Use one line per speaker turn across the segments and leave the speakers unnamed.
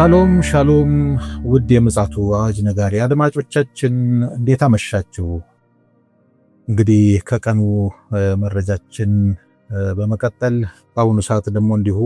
ሻሎም ሻሎም ውድ የምፅዓቱ አዋጅ ነጋሪ አድማጮቻችን እንዴት አመሻችሁ? እንግዲህ ከቀኑ መረጃችን በመቀጠል በአሁኑ ሰዓት ደግሞ እንዲሁ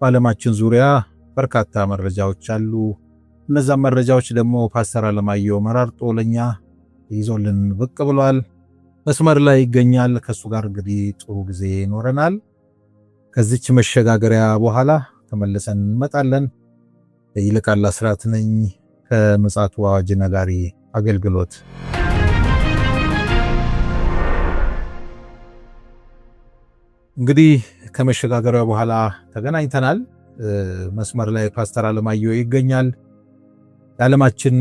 በዓለማችን ዙሪያ በርካታ መረጃዎች አሉ። እነዛም መረጃዎች ደግሞ ፓስተር አለማየሁ መራርጦ ለኛ ይዞልን ብቅ ብሏል። መስመር ላይ ይገኛል። ከእሱ ጋር እንግዲህ ጥሩ ጊዜ ይኖረናል። ከዚች መሸጋገሪያ በኋላ ተመልሰን እንመጣለን። ይልቃል አስራት ነኝ ከምፅዓቱ አዋጅ ነጋሪ አገልግሎት። እንግዲህ ከመሸጋገሪያ በኋላ ተገናኝተናል። መስመር ላይ ፓስተር አለማየሁ ይገኛል። የዓለማችን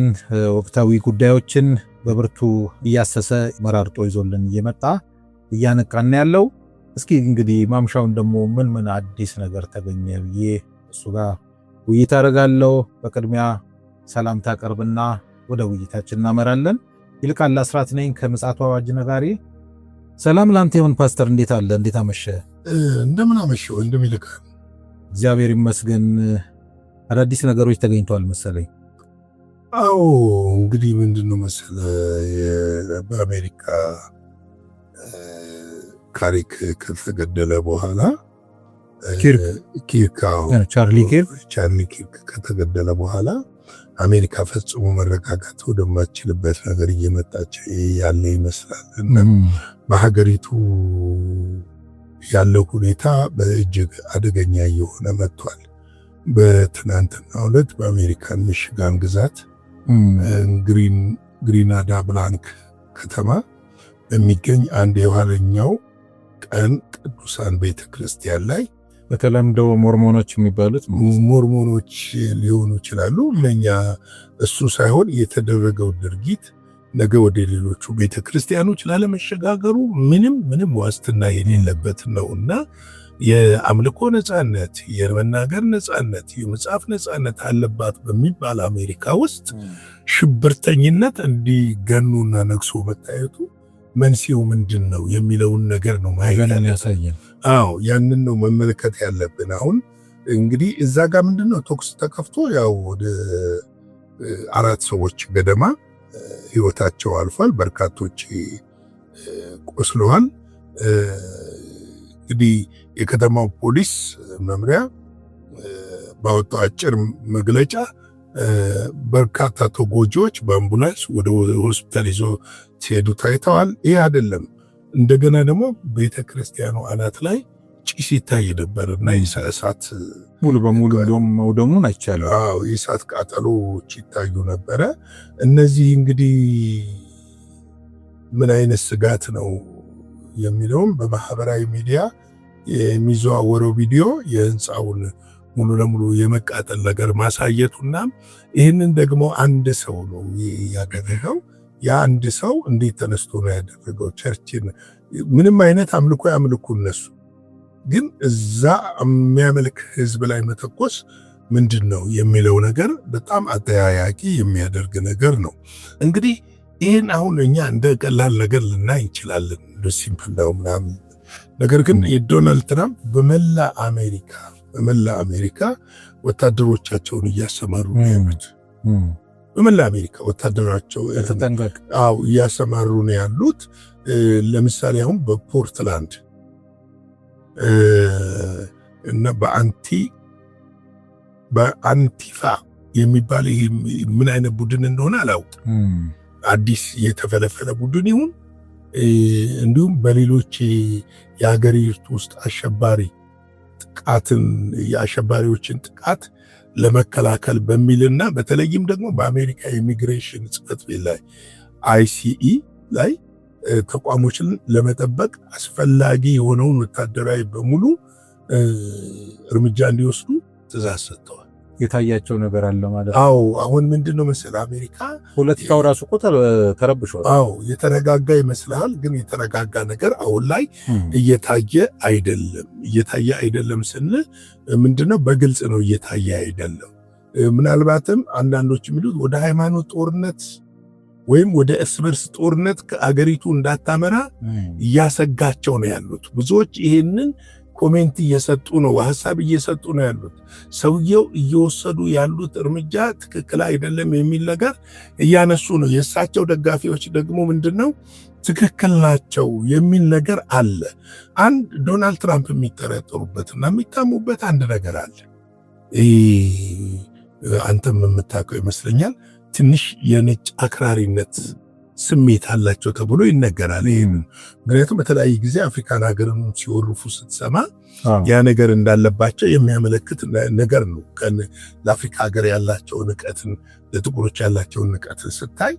ወቅታዊ ጉዳዮችን በብርቱ እያሰሰ መራርጦ ይዞልን እየመጣ እያነቃን ያለው። እስኪ እንግዲህ ማምሻውን ደግሞ ምን ምን አዲስ ነገር ተገኘ ብዬ እሱ ጋር ውይይት አደርጋለሁ። በቅድሚያ ሰላምታ ቀርብና ወደ ውይይታችን እናመራለን። ይልቃል አስራት ነኝ ከምፅዓቱ አዋጅ ነጋሪ። ሰላም ላንተ ይሁን ፓስተር፣ እንዴት አለ? እንዴት አመሸ?
እንደምን አመሸ ወንድም ይልቃል።
እግዚአብሔር ይመስገን። አዳዲስ ነገሮች ተገኝተዋል መሰለኝ።
አዎ እንግዲህ ምንድነው መሰለ በአሜሪካ ካሪክ ከተገደለ በኋላ
ኪርክ ቻርሊ ኪርክ
ቻርሊ ኪርክ ከተገደለ በኋላ አሜሪካ ፈጽሞ መረጋጋት ወደማችልበት ነገር እየመጣች ያለ ይመስላል። በሀገሪቱ ያለው ሁኔታ በእጅግ አደገኛ እየሆነ መጥቷል። በትናንትና ዕለት በአሜሪካን ሚሽጋን ግዛት ግሪናዳ ብላንክ ከተማ በሚገኝ አንድ የኋለኛው ቀን ቅዱሳን ቤተክርስቲያን ላይ
በተለምዶ ሞርሞኖች የሚባሉት
ሞርሞኖች ሊሆኑ ይችላሉ። ለእኛ እሱ ሳይሆን የተደረገው ድርጊት ነገ ወደ ሌሎቹ ቤተክርስቲያኖች ላለመሸጋገሩ ምንም ምንም ዋስትና የሌለበት ነው እና የአምልኮ ነፃነት፣ የመናገር ነፃነት የመጽሐፍ ነፃነት አለባት በሚባል አሜሪካ ውስጥ ሽብርተኝነት እንዲገኑና ነግሶ መታየቱ መንስኤው ምንድን ነው የሚለውን ነገር ነው ማየት ያሳያል። አዎ ያንን ነው መመልከት ያለብን። አሁን እንግዲህ እዛ ጋር ምንድን ነው ተኩስ ተከፍቶ ያው ወደ አራት ሰዎች ገደማ ህይወታቸው አልፏል። በርካቶች ቆስለዋል። እንግዲህ የከተማው ፖሊስ መምሪያ ባወጣው አጭር መግለጫ በርካታ ተጎጂዎች በአምቡላንስ ወደ ሆስፒታል ይዞ ሲሄዱ ታይተዋል። ይህ አይደለም። እንደገና ደግሞ ቤተክርስቲያኑ አናት ላይ ጭስ ይታይ ነበር እና እሳት
ሙሉ በሙሉ እንደውም መውደሙን አይቻልም።
የእሳት ይታዩ ነበረ። እነዚህ እንግዲህ ምን አይነት ስጋት ነው የሚለውም በማህበራዊ ሚዲያ የሚዘዋወረው ቪዲዮ የህንፃውን ሙሉ ለሙሉ የመቃጠል ነገር ማሳየቱና ይህንን ደግሞ አንድ ሰው ነው ያ የአንድ ሰው እንዴት ተነስቶ ነው ያደረገው? ቸርችን ምንም አይነት አምልኮ ያምልኩ እነሱ፣ ግን እዛ የሚያመልክ ህዝብ ላይ መተኮስ ምንድን ነው የሚለው ነገር በጣም አጠያያቂ የሚያደርግ ነገር ነው። እንግዲህ ይህን አሁን እኛ እንደ ቀላል ነገር ልናይ እንችላለን፣ ሲምፕል ነው ምናምን። ነገር ግን የዶናልድ ትራምፕ በመላ አሜሪካ በመላ አሜሪካ ወታደሮቻቸውን እያሰማሩ ነው ያሉት። በመላ አሜሪካ ወታደራቸው እያሰማሩ ነው ያሉት። ለምሳሌ አሁን በፖርትላንድ እና በአንቲ በአንቲፋ የሚባል ምን አይነት ቡድን እንደሆነ አላውቅም። አዲስ የተፈለፈለ ቡድን ይሁን እንዲሁም በሌሎች የሀገሪቱ ውስጥ አሸባሪ ጥቃትን የአሸባሪዎችን ጥቃት ለመከላከል በሚልና በተለይም ደግሞ በአሜሪካ ኢሚግሬሽን ጽሕፈት ቤት ላይ አይሲኢ ላይ ተቋሞችን ለመጠበቅ አስፈላጊ የሆነውን ወታደራዊ በሙሉ እርምጃ እንዲወስዱ ትእዛዝ ሰጥተዋል።
የታያቸው ነገር አለ ማለት
አዎ። አሁን ምንድን ነው መሰለህ አሜሪካ
ፖለቲካው ራሱ እኮ ተረብሿል።
አዎ የተረጋጋ ይመስልሃል፣ ግን የተረጋጋ ነገር አሁን ላይ እየታየ አይደለም። እየታየ አይደለም ስንል ምንድን ነው በግልጽ ነው እየታየ አይደለም። ምናልባትም አንዳንዶች የሚሉት ወደ ሃይማኖት ጦርነት ወይም ወደ እርስ በርስ ጦርነት ከአገሪቱ እንዳታመራ እያሰጋቸው ነው ያሉት ብዙዎች ይሄንን ኮሜንት እየሰጡ ነው፣ ሀሳብ እየሰጡ ነው ያሉት። ሰውየው እየወሰዱ ያሉት እርምጃ ትክክል አይደለም የሚል ነገር እያነሱ ነው። የእሳቸው ደጋፊዎች ደግሞ ምንድን ነው ትክክል ናቸው የሚል ነገር አለ። አንድ ዶናልድ ትራምፕ የሚጠረጠሩበት እና የሚታሙበት አንድ ነገር አለ። አንተም የምታውቀው ይመስለኛል ትንሽ የነጭ አክራሪነት ስሜት አላቸው ተብሎ ይነገራል። ይህ ምክንያቱም በተለያየ ጊዜ አፍሪካን ሀገርን ሲወርፉ ስትሰማ ያ ነገር እንዳለባቸው የሚያመለክት ነገር ነው። ለአፍሪካ ሀገር ያላቸውን ንቀትን፣ ለጥቁሮች ያላቸውን ንቀትን ስታይ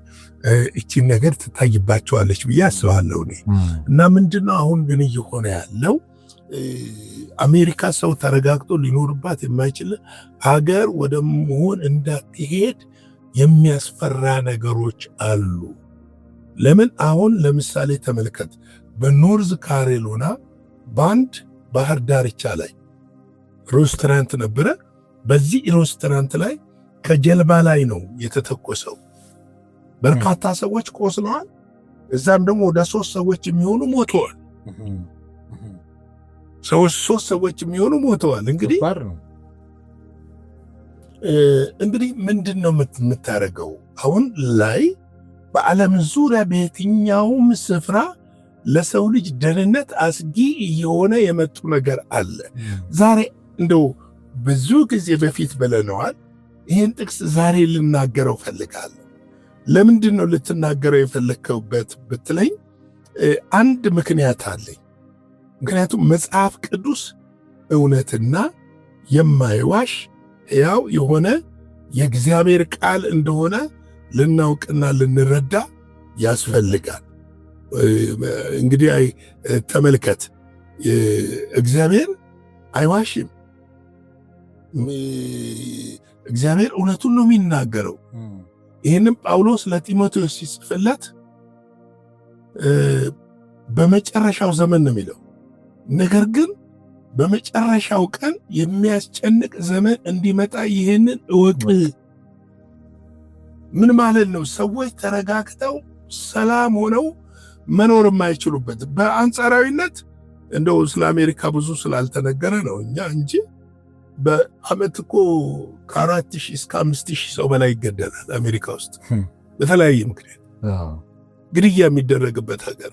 እቺን ነገር ትታይባቸዋለች ብዬ አስባለሁ እኔ እና ምንድነው አሁን ግን እየሆነ ያለው አሜሪካ ሰው ተረጋግጦ ሊኖርባት የማይችል ሀገር ወደ መሆን እንዳትሄድ የሚያስፈራ ነገሮች አሉ። ለምን አሁን ለምሳሌ ተመልከት፣ በኖርዝ ካሬሎና በአንድ ባህር ዳርቻ ላይ ሬስቶራንት ነበረ። በዚህ ሬስቶራንት ላይ ከጀልባ ላይ ነው የተተኮሰው። በርካታ ሰዎች ቆስለዋል። እዛም ደግሞ ወደ ሶስት ሰዎች የሚሆኑ ሞተዋል። ሰዎች ሶስት ሰዎች የሚሆኑ ሞተዋል። እንግዲህ እንግዲህ ምንድን ነው የምታደርገው አሁን ላይ በዓለም ዙሪያ በየትኛውም ስፍራ ለሰው ልጅ ደህንነት አስጊ እየሆነ የመጡ ነገር አለ። ዛሬ እንደው ብዙ ጊዜ በፊት ብለነዋል። ይህን ጥቅስ ዛሬ ልናገረው ፈልጋለሁ። ለምንድን ነው ልትናገረው የፈለግከውበት ብትለኝ አንድ ምክንያት አለኝ። ምክንያቱም መጽሐፍ ቅዱስ እውነትና የማይዋሽ ሕያው የሆነ የእግዚአብሔር ቃል እንደሆነ ልናውቅና ልንረዳ ያስፈልጋል። እንግዲህ ተመልከት፣ እግዚአብሔር አይዋሽም። እግዚአብሔር እውነቱን ነው የሚናገረው። ይህንም ጳውሎስ ለጢሞቴዎስ ሲጽፍለት በመጨረሻው ዘመን ነው የሚለው። ነገር ግን በመጨረሻው ቀን የሚያስጨንቅ ዘመን እንዲመጣ ይህንን እወቅ ምን ማለት ነው? ሰዎች ተረጋግተው ሰላም ሆነው መኖር የማይችሉበት በአንጻራዊነት እንደው ስለ አሜሪካ ብዙ ስላልተነገረ ነው እኛ እንጂ በአመት እኮ ከአራት ሺህ እስከ አምስት ሺህ ሰው በላይ ይገደላል አሜሪካ ውስጥ በተለያየ ምክንያት ግድያ የሚደረግበት ሀገር።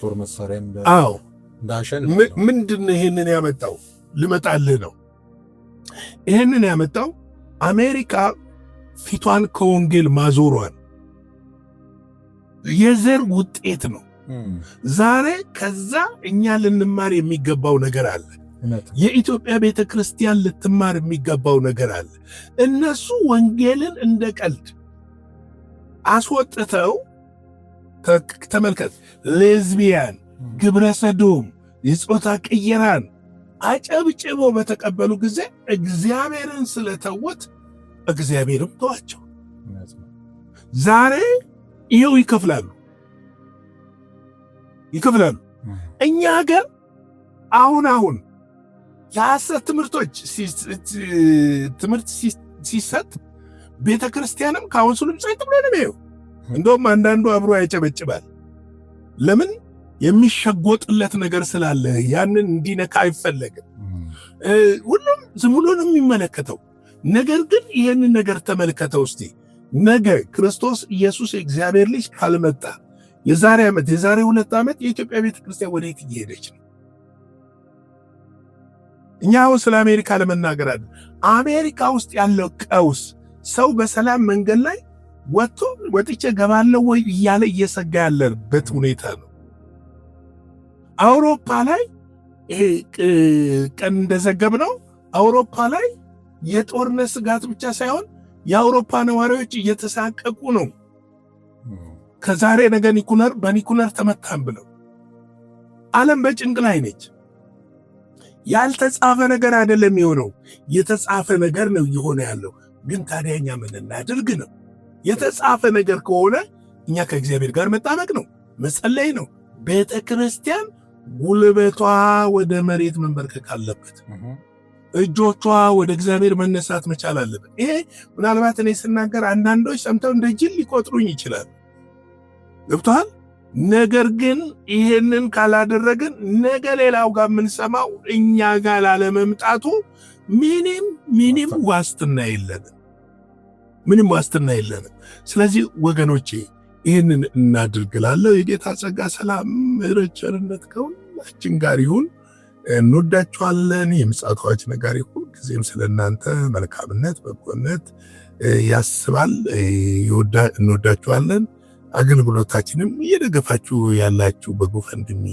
ጦር መሳሪያ አዎ። ምንድን ይህንን ያመጣው ልመጣልህ ነው። ይህንን ያመጣው አሜሪካ ፊቷን ከወንጌል ማዞሯን የዘር ውጤት ነው። ዛሬ ከዛ እኛ ልንማር የሚገባው ነገር አለ። የኢትዮጵያ ቤተ ክርስቲያን ልትማር የሚገባው ነገር አለ። እነሱ ወንጌልን እንደ ቀልድ አስወጥተው ተመልከት፣ ሌዝቢያን፣ ግብረ ሰዶም፣ የጾታ ቅየራን አጨብጭቦ በተቀበሉ ጊዜ እግዚአብሔርን ስለተውት እግዚአብሔርም ተዋቸው። ዛሬ ይኸው ይከፍላሉ ይከፍላሉ። እኛ ሀገር አሁን አሁን የሐሰት ትምህርቶች ትምህርት ሲሰጥ ቤተ ክርስቲያንም ካውንስሉም ጸጥ ብሎ ነው ይኸው። እንደውም አንዳንዱ አብሮ ያጨበጭባል። ለምን የሚሸጎጥለት ነገር ስላለ ያንን እንዲነካ አይፈለግም። ሁሉም ዝም ብሎ ነው የሚመለከተው። ነገር ግን ይህንን ነገር ተመልከተው እስቲ ነገ ክርስቶስ ኢየሱስ የእግዚአብሔር ልጅ ካልመጣ የዛሬ ዓመት የዛሬ ሁለት ዓመት የኢትዮጵያ ቤተ ክርስቲያን የት እየሄደች ነው? እኛ አሁን ስለ አሜሪካ ለመናገር አለ አሜሪካ ውስጥ ያለው ቀውስ ሰው በሰላም መንገድ ላይ ወጥቶ ወጥቼ ገባለው ወይ እያለ እየሰጋ ያለበት ሁኔታ ነው። አውሮፓ ላይ ቀን እንደዘገብ ነው አውሮፓ ላይ የጦርነት ስጋት ብቻ ሳይሆን የአውሮፓ ነዋሪዎች እየተሳቀቁ ነው። ከዛሬ ነገ ኒኩለር በኒኩለር ተመታን ብለው ዓለም በጭንቅ ላይ ነች። ያልተጻፈ ነገር አይደለም የሆነው፣ የተጻፈ ነገር ነው እየሆነ ያለው። ግን ታዲያ እኛ ምን እናድርግ ነው? የተጻፈ ነገር ከሆነ እኛ ከእግዚአብሔር ጋር መጣበቅ ነው፣ መጸለይ ነው። ቤተ ክርስቲያን ጉልበቷ ወደ መሬት መንበርከክ አለበት። እጆቿ ወደ እግዚአብሔር መነሳት መቻል አለብን። ይሄ ምናልባት እኔ ስናገር አንዳንዶች ሰምተው እንደ ጅል ሊቆጥሩኝ ይችላል። ገብቷል ነገር ግን ይሄንን ካላደረግን ነገ ሌላው ጋር የምንሰማው እኛ ጋር ላለመምጣቱ ምንም ምንም ዋስትና የለንም፣ ምንም ዋስትና የለንም። ስለዚህ ወገኖቼ ይህንን እናድርግላለሁ። የጌታ ጸጋ ሰላም፣ ምሕረት፣ ቸርነት ከሁላችን ጋር ይሁን። እንወዳችኋለን። የምፅዓቱ አዋጅ ነጋሪ ሁልጊዜም ስለእናንተ መልካምነት፣ በጎነት ያስባል። እንወዳችኋለን። አገልግሎታችንም እየደገፋችሁ ያላችሁ በጎፈንድሚ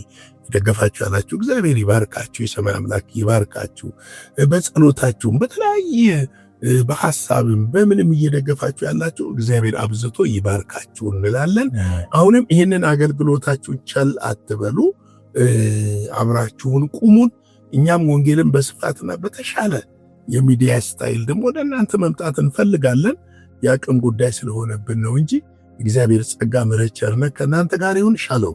ደገፋችሁ ያላችሁ እግዚአብሔር ይባርካችሁ፣ የሰማይ አምላክ ይባርካችሁ። በጸሎታችሁም በተለያየ በሀሳብም በምንም እየደገፋችሁ ያላችሁ እግዚአብሔር አብዝቶ ይባርካችሁ እንላለን። አሁንም ይህንን አገልግሎታችሁን ቸል አትበሉ። አብራችሁን ቁሙን። እኛም ወንጌልን በስፋትና በተሻለ የሚዲያ ስታይል ደግሞ ወደ እናንተ መምጣት እንፈልጋለን። የአቅም ጉዳይ ስለሆነብን ነው እንጂ እግዚአብሔር ጸጋ፣ ምሕረት፣ ቸርነት ከእናንተ ጋር ይሁን። ሻለው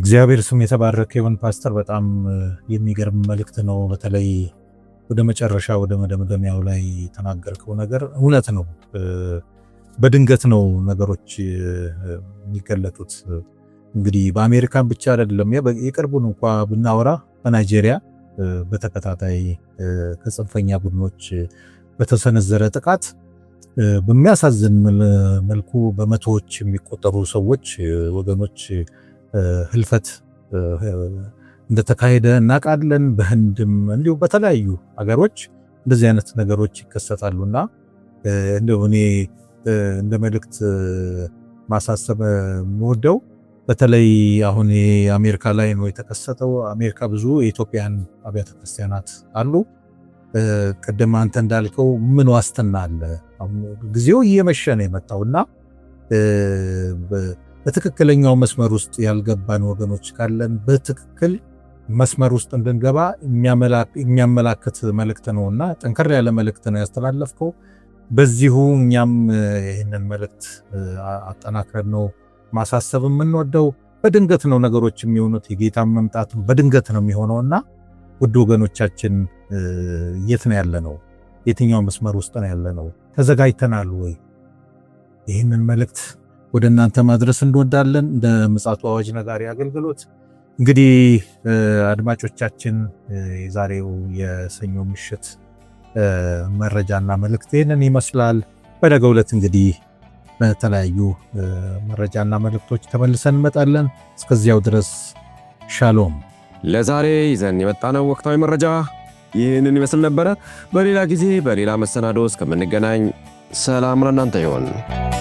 እግዚአብሔር ስም የተባረከ ይሁን። ፓስተር፣ በጣም የሚገርም መልእክት ነው። በተለይ ወደ መጨረሻ ወደ መደምደሚያው ላይ የተናገርከው ነገር እውነት ነው። በድንገት ነው ነገሮች የሚገለጡት። እንግዲህ በአሜሪካን ብቻ አይደለም። የቅርቡን እንኳ ብናወራ በናይጄሪያ በተከታታይ ከጽንፈኛ ቡድኖች በተሰነዘረ ጥቃት በሚያሳዝን መልኩ በመቶዎች የሚቆጠሩ ሰዎች ወገኖች ህልፈት እንደተካሄደ እናውቃለን። በህንድም እንዲሁም በተለያዩ ሀገሮች እንደዚህ አይነት ነገሮች ይከሰታሉና እንደ እኔ እንደ መልእክት ማሳሰብ የምወደው በተለይ አሁን አሜሪካ ላይ ነው የተከሰተው። አሜሪካ ብዙ የኢትዮጵያን አብያተ ክርስቲያናት አሉ። ቅድም አንተ እንዳልከው ምን ዋስትና አለ? ጊዜው እየመሸ ነው የመጣውና በትክክለኛው መስመር ውስጥ ያልገባን ወገኖች ካለን በትክክል መስመር ውስጥ እንድንገባ የሚያመላክት መልእክት ነው እና ጠንከር ያለ መልእክት ነው ያስተላለፍከው። በዚሁ እኛም ይህንን መልእክት አጠናክረን ነው ማሳሰብ የምንወደው በድንገት ነው ነገሮች የሚሆኑት። የጌታን መምጣት በድንገት ነው የሚሆነውና ውድ ወገኖቻችን የት ነው ያለነው? የትኛው መስመር ውስጥ ነው ያለነው? ተዘጋጅተናል ወይ? ይህንን መልእክት ወደ እናንተ ማድረስ እንወዳለን። እንደ ምፅዓቱ አዋጅ ነጋሪ አገልግሎት እንግዲህ አድማጮቻችን የዛሬው የሰኞ ምሽት መረጃና መልእክት ይህንን ይመስላል። በነገው ዕለት እንግዲህ በተለያዩ መረጃና መልእክቶች ተመልሰን እንመጣለን። እስከዚያው ድረስ ሻሎም።
ለዛሬ ይዘን የመጣነው ወቅታዊ መረጃ ይህንን ይመስል ነበረ። በሌላ ጊዜ በሌላ መሰናዶ እስከምንገናኝ ሰላም ለእናንተ ይሆን።